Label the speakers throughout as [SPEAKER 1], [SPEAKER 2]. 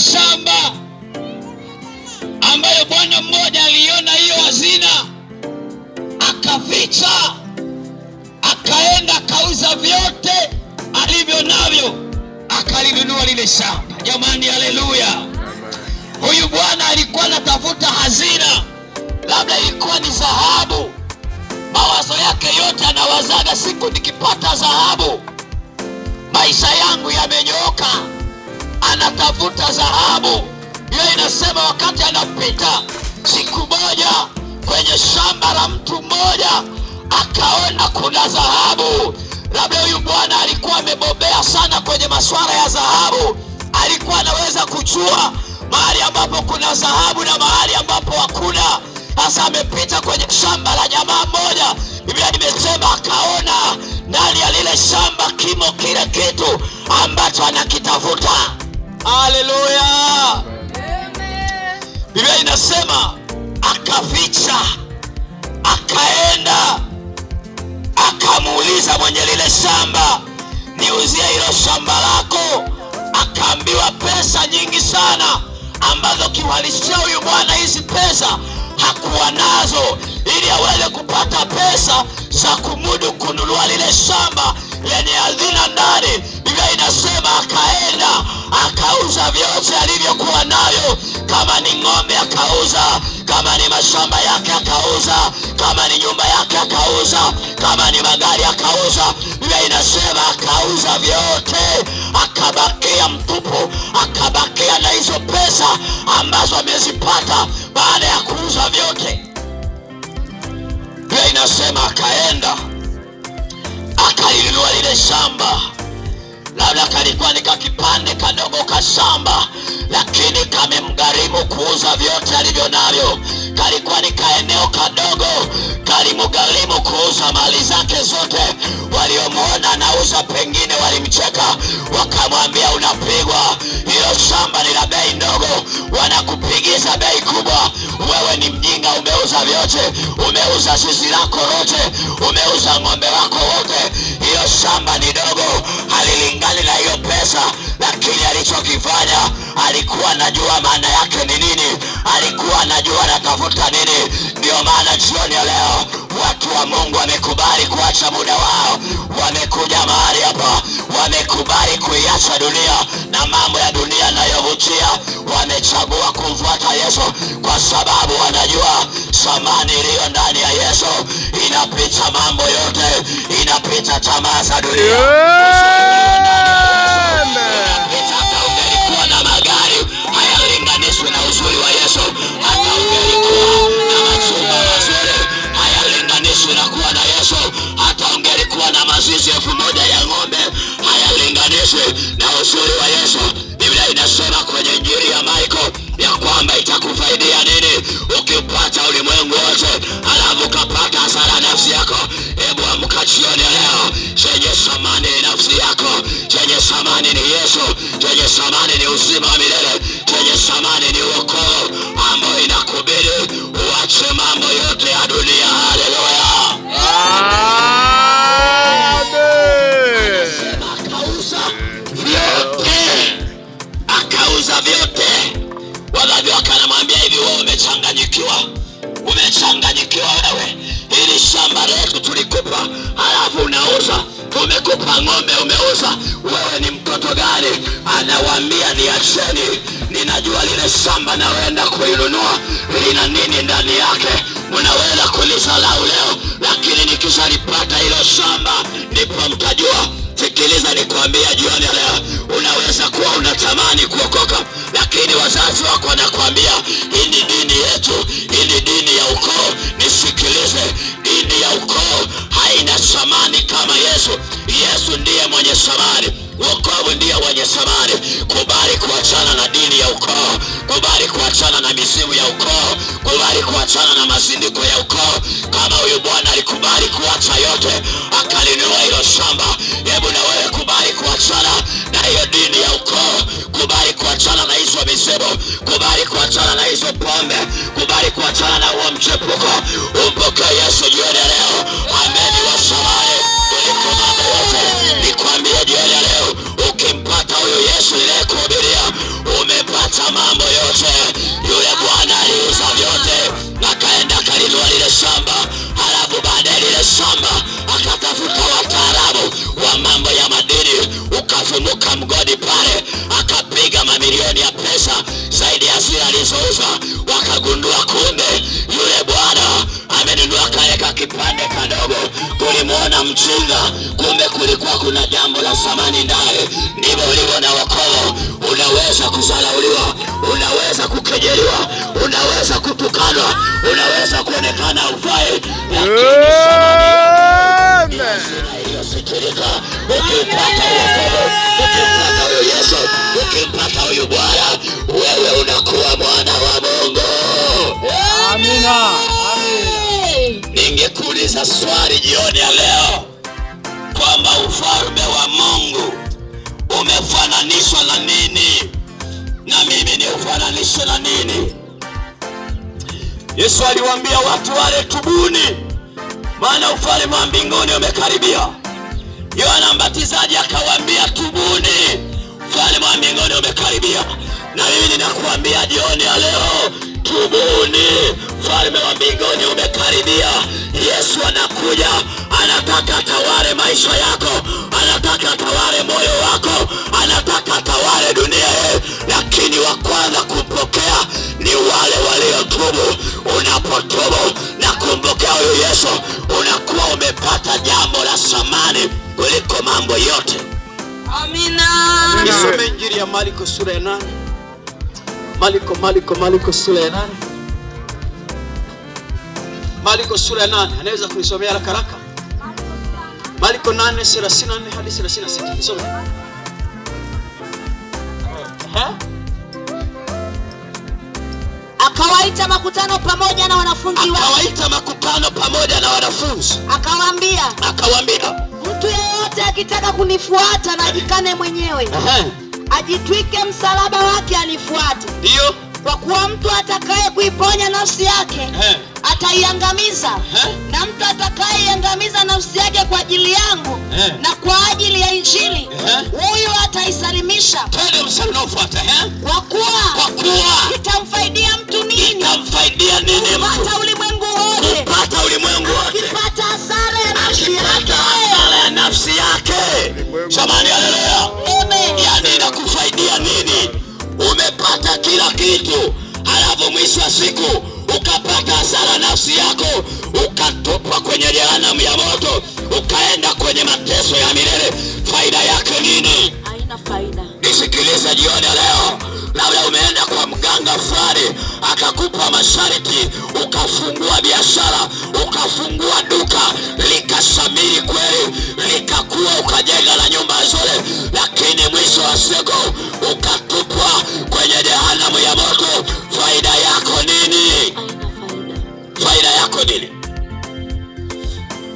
[SPEAKER 1] shamba ambayo bwana mmoja aliona hiyo hazina, akaficha, akaenda akauza vyote alivyo navyo, akalinunua lile shamba. Jamani, haleluya! Huyu bwana alikuwa anatafuta hazina, labda ilikuwa ni dhahabu. Mawazo yake yote anawazaga, siku nikipata dhahabu maisha yangu yamenyooka anatafuta dhahabu. Hiyo inasema wakati anapita siku moja kwenye shamba la mtu mmoja, akaona kuna dhahabu. Labda huyu bwana alikuwa amebobea sana kwenye masuala ya dhahabu, alikuwa anaweza kujua mahali ambapo kuna dhahabu na mahali ambapo hakuna. Sasa amepita kwenye shamba la jamaa mmoja, Biblia imesema akaona ndani ya lile shamba kimo kile kitu ambacho anakitafuta. Haleluya! Biblia inasema akaficha, akaenda akamuuliza mwenye lile shamba, niuzie hilo shamba lako. Akaambiwa pesa nyingi sana, ambazo kiuhalisia huyu bwana hizi pesa hakuwa nazo, ili aweze kupata pesa za kumudu kununua lile shamba lenye hazina ndani anasema akaenda akauza vyote alivyokuwa navyo, kama ni ng'ombe akauza, kama ni mashamba yake akauza, kama ni nyumba yake akauza, kama ni magari akauza. Biblia inasema akauza vyote, akabakia mtupu, akabakia na hizo pesa ambazo amezipata baada ya kuuza vyote. Biblia inasema akaenda akalinunua lile shamba labda kalikuwa ni kipande kadogo kashamba, lakini kamemgharimu kuuza vyote alivyo navyo. Kalikuwa ni kaeneo kadogo, kalimgharimu kuuza mali zake zote. Waliomwona anauza pengine walimcheka, wakamwambia unapigwa, hilo shamba ni la bei ndogo, wanakupigiza bei kubwa. Wewe ni mjinga, umeuza vyote, umeuza zizi lako lote, umeuza ng'ombe wako wote, hilo shamba ni alilingana na hiyo pesa, lakini alichokifanya alikuwa anajua maana yake ni nini, alikuwa anajua anatafuta nini. Ndio maana jioni ya leo watu wa Mungu wamekubali kuacha muda wao, wamekuja mahali hapa, wamekubali kuiacha dunia na mambo ya dunia nayo kupitia, wamechagua kumfuata Yesu kwa sababu wanajua thamani iliyo ndani ya Yesu inapita mambo yote, inapita tamaa za dunia. jioni ya leo, chenye samani ni nafsi yako, chenye samani ni Yesu, chenye samani ni uzima wa milele, chenye samani ni wokovu ambao inakubiri uache mambo leseni. Ninajua lile shamba naenda kuinunua lina nini ndani yake. Mnaweza kulisalau leo, lakini nikishalipata hilo shamba ndipo mtajua. Sikiliza nikwambia, jioni leo unaweza kuwa unatamani kuokoka, lakini wazazi wako wanakwambia hii ni dini yetu, hii ni dini ya ukoo ukoo, kubali kuachana na mizimu ya ukoo, kubali kuachana na mazindiko ya ukoo. Kama huyu bwana alikubali kuacha yote akalinua hilo shamba, hebu na wewe kubali kuachana na hiyo dini ya ukoo, kubali kuachana na hizo mizimu, kubali kuachana na hizo pombe, kubali kuachana na huo mchepuko, umpokee Yesu. na mjinga, kumbe kulikuwa kuna jambo la thamani ndani. Ndivyo ulivyo na wokovu. Unaweza kudharauliwa, unaweza kukejeliwa, unaweza kutukanwa, unaweza kuonekana ufai, lakini iliyosikirika huyo Yesu, ukimpata huyo Bwana, wewe unakuwa kuuliza swali jioni ya leo kwamba ufalme wa Mungu umefananishwa na nini, na mimi ni ufananishwe na nini? Yesu aliwaambia watu wale, tubuni, maana ufalme wa mbinguni umekaribia. Yohana Mbatizaji akawaambia, tubuni, ufalme wa mbinguni umekaribia. Na mimi ninakuambia jioni ya leo, tubuni Mfalme wa mbinguni umekaribia. Yesu anakuja, anataka atawale maisha yako, anataka atawale moyo wako, anataka atawale dunia hii, lakini wa kwanza kumpokea ni wale waliotubu. Unapotubu na kumpokea huyu Yesu, unakuwa umepata jambo la samani kuliko mambo yote.
[SPEAKER 2] Amina.
[SPEAKER 3] Nisome Injili ya Marko sura ya nane. Marko, Marko, Marko sura ya nane. Maliko sura ya 8, anaweza kunisomea haraka haraka? Marko 8:34 hadi 36. Nisome.
[SPEAKER 4] Akawaita makutano pamoja na wanafunzi
[SPEAKER 1] wake. Akawaita makutano pamoja na wanafunzi.
[SPEAKER 4] Akawaambia.
[SPEAKER 1] Akawaambia.
[SPEAKER 4] Mtu yeyote akitaka kunifuata na ajikane mwenyewe. Aha. Ajitwike msalaba wake anifuate. Ndio. Kwa kuwa mtu atakaye kuiponya nafsi yake. Aha ataiangamiza eh? na mtu atakayeiangamiza nafsi yake kwa ajili yangu eh? na kwa ajili ya Injili huyu eh? ataisalimisha. Kwa kuwa kwa
[SPEAKER 1] kuwa
[SPEAKER 4] itamfaidia mtu nini?
[SPEAKER 1] Itamfaidia nini?
[SPEAKER 4] Kupata ulimwengu wote,
[SPEAKER 1] kupata ulimwengu wote,
[SPEAKER 4] akipata hasara ya
[SPEAKER 1] nafsi yake, hasara ya nafsi yake. Jamani, haleluya! Yani inakufaidia nini? Umepata kila kitu, alafu mwisho wa siku ukapata hasara nafsi yako, ukatupwa kwenye jehanamu ya moto, ukaenda kwenye mateso ya milele, faida yake nini?
[SPEAKER 4] Haina faida.
[SPEAKER 1] Nisikilize jioni leo, labda umeenda kwa mganga fulani akakupa masharti, ukafungua biashara, ukafungua duka, likasamiri kweli, likakuwa, ukajenga na nyumba nzuri, lakini mwisho wa siku ukatupwa kwenye jehanamu ya moto, faida chako nini?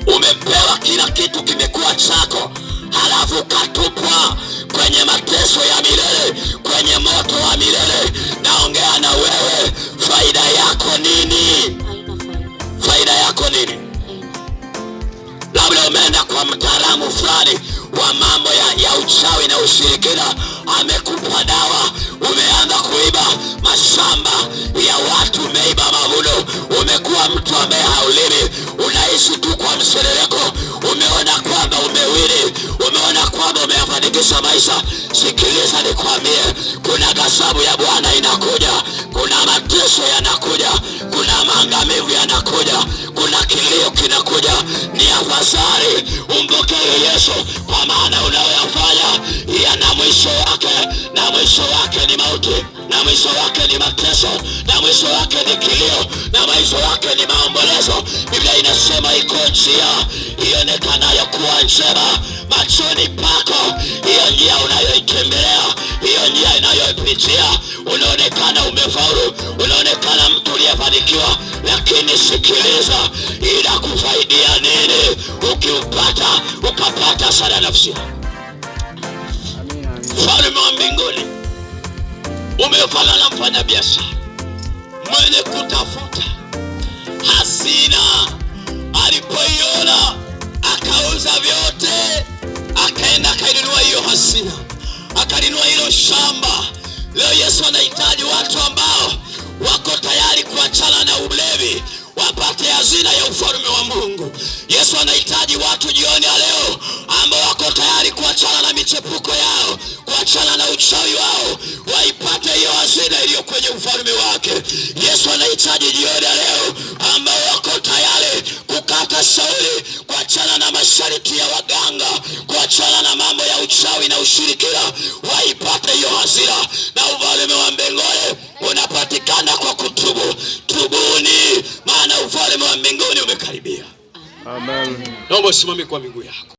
[SPEAKER 1] Umepewa kila kitu, kimekuwa chako, halafu katupwa kwenye mateso ya milele, kwenye moto wa milele. Naongea na wewe, faida yako nini? Faida yako nini? Labda umeenda kwa mtaalamu fulani wa mambo ya, ya uchawi na ushirikina, amekupa dawa, umeanza kuiba mashamba Yesu kwa msere yako. Umeona kwamba umewili, umeona kwamba umeyafanikisha maisha. Sikiliza nikwambie, kuna ghadhabu ya Bwana inakuja, kuna mateso yanakuja, kuna maangamivu yanakuja, kuna kilio kinakuja. Ni afadhali umpokee Yesu, kwa maana unayoyafanya yana mwisho wake, na mwisho wake ni mauti mwisho wake ni mateso na mwisho wake ni kilio na mwisho wake ni maombolezo. Biblia inasema iko njia ionekanayo kuwa njema machoni pako, hiyo njia unayoitembelea, hiyo njia inayoipitia, unaonekana umefaulu, unaonekana mtu uliyefanikiwa, lakini sikiliza, inakufaidia nini ukiupata ukapata sana nafsi? Mfalme wa mbinguni umefanana na mfanyabiashara mwenye kutafuta hasina, alipoiona akauza vyote, akaenda akainunua hiyo hasina, akalinunua hilo shamba. Leo Yesu anahitaji watu ambao wako tayari kuachana na ulevi wapate hazina ya ufalme wa Mungu. Yesu anahitaji watu jioni ya leo ambao wako tayari kuachana na michepuko kuachana na uchawi wao, waipate hiyo hazina iliyo kwenye ufalme wake. Yesu anahitaji jioni ya leo ambao wako tayari kukata shauri, kuachana na masharti ya waganga, kuachana na mambo ya uchawi na ushirikina, waipate hiyo hazina, na ufalme wa mbinguni unapatikana kwa kutubu. Tubuni, maana ufalme wa mbinguni umekaribia.
[SPEAKER 2] Amen.
[SPEAKER 1] Naomba usimame kwa miguu yako.